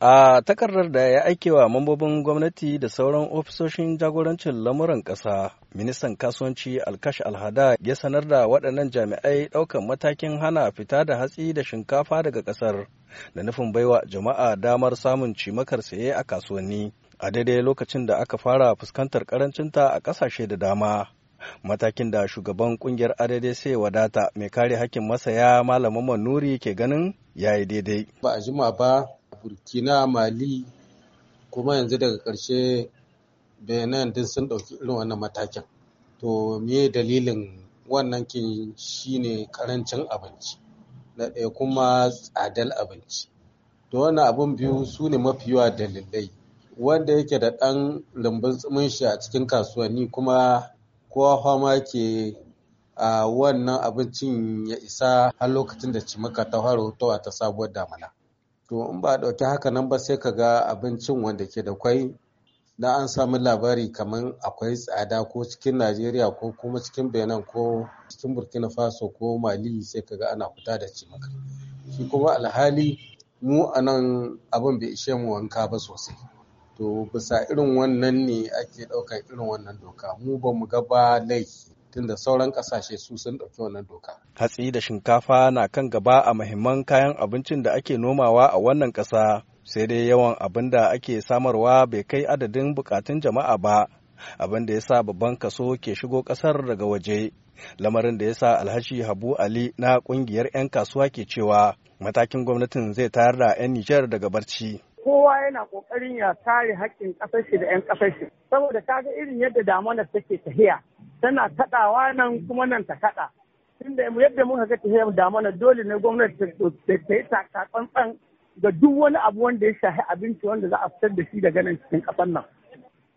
A takardar da ya aike wa mambobin gwamnati da sauran ofisoshin jagorancin lamuran ƙasa, ministan kasuwanci Alkash Alhada ya sanar da waɗannan jami'ai ɗaukan matakin hana fita da hatsi da shinkafa daga ƙasar, da nufin baiwa jama'a damar samun cimakar saye a kasuwanni, a daidai lokacin da aka fara fuskantar ƙarancinta a ƙasashe da dama. matakin da shugaban kungiyar adadai wadata mai kare hakkin masaya malamin manuri ke ganin ya yi daidai. Ba a jima ba burkina mali kuma yanzu daga ƙarshe benin duk sun ɗauki irin wannan matakin to me dalilin wannan kin shine karancin abinci na ɗaya kuma tsadar abinci to wannan abun biyu su ne mafi yawa dalilai wanda yake da ɗan lambun tsumin shi a cikin kasuwanni kuma kowa fama ke a wannan abincin ya isa har lokacin da cimaka ta faro ta sabuwar damana to in ba a ɗauki haka nan ba sai ka ga abincin wanda ke da kwai na an samu labari kamar akwai tsada ko cikin najeriya ko kuma cikin benin ko cikin burkina faso ko mali sai ka ga ana fita da cimaka shi kuma alhali mu a nan abin bai ishe mu wanka ba sosai to bisa irin wannan ne ake ɗaukar irin wannan doka mu ba mu ga ba laifi tunda sauran kasashe su sun ɗauki wannan doka. Hatsi da shinkafa na kan gaba a mahimman kayan abincin da ake nomawa a wannan ƙasa sai dai yawan abin da ake samarwa bai kai adadin bukatun jama'a ba abin da ya sa babban kaso ke shigo ƙasar daga waje. Lamarin da ya sa Alhaji Habu Ali na ƙungiyar 'yan kasuwa ke cewa matakin gwamnatin zai tayar da 'yan Nijar daga barci. kowa yana kokarin ya tare haƙƙin ƙasashe da 'yan ƙasashe, saboda kaga irin yadda damana take tahiya tana kaɗawa nan kuma nan ta kaɗa tunda yadda muka ga ta da mana dole ne gwamnati ta yi takatsantsan ga duk wani abu wanda ya shahi abinci wanda za a fitar da shi daga nan cikin ƙasar nan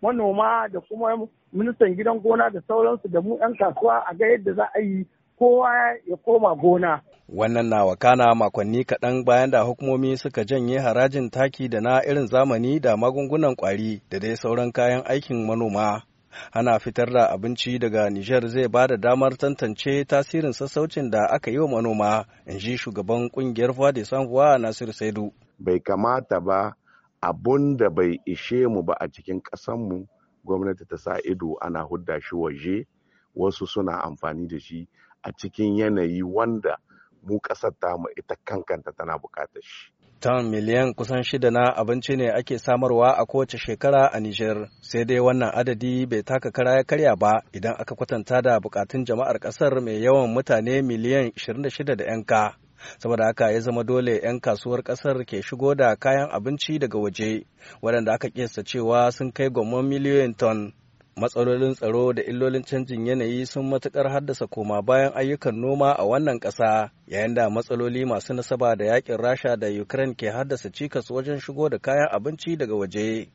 manoma da kuma ministan gidan gona da sauransu da mu 'yan kasuwa a ga yadda za a yi kowa ya koma gona. Wannan na wakana makonni kaɗan bayan da hukumomi suka janye harajin taki da na irin zamani da magungunan ƙwari da dai sauran kayan aikin manoma. hana fitar da abinci daga Nijar zai ba da damar tantance tasirin sassaucin da aka yi wa manoma in ji shugaban kungiyar Fadi Sanfuwa Nasiru Saidu. Bai kamata ba abun da bai ishe mu ba a cikin ƙasanmu gwamnati ta sa ido ana hudda shi waje wasu suna amfani da shi a cikin yanayi wanda mu ƙasar mu ita kankanta tana buƙatar shi. tan miliyan kusan shida na abinci ne ake samarwa a kowace shekara a Nijar. Sai dai wannan adadi bai taka kara ya karya ba idan aka kwatanta da bukatun jama'ar kasar mai yawan mutane miliyan 26 da 'yanka. saboda haka ya zama dole 'yan kasuwar kasar ke shigo da kayan abinci daga waje waɗanda aka kesa cewa sun kai gwamman miliyoyin ton matsalolin tsaro da illolin canjin yanayi sun matukar haddasa koma bayan ayyukan noma a wannan ƙasa yayin da matsaloli masu nasaba da yakin rasha da ukraine ke haddasa cikas wajen shigo da kayan abinci daga waje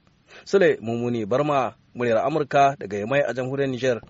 sule mummuni barma muryar amurka daga yamai a jamhuriyar niger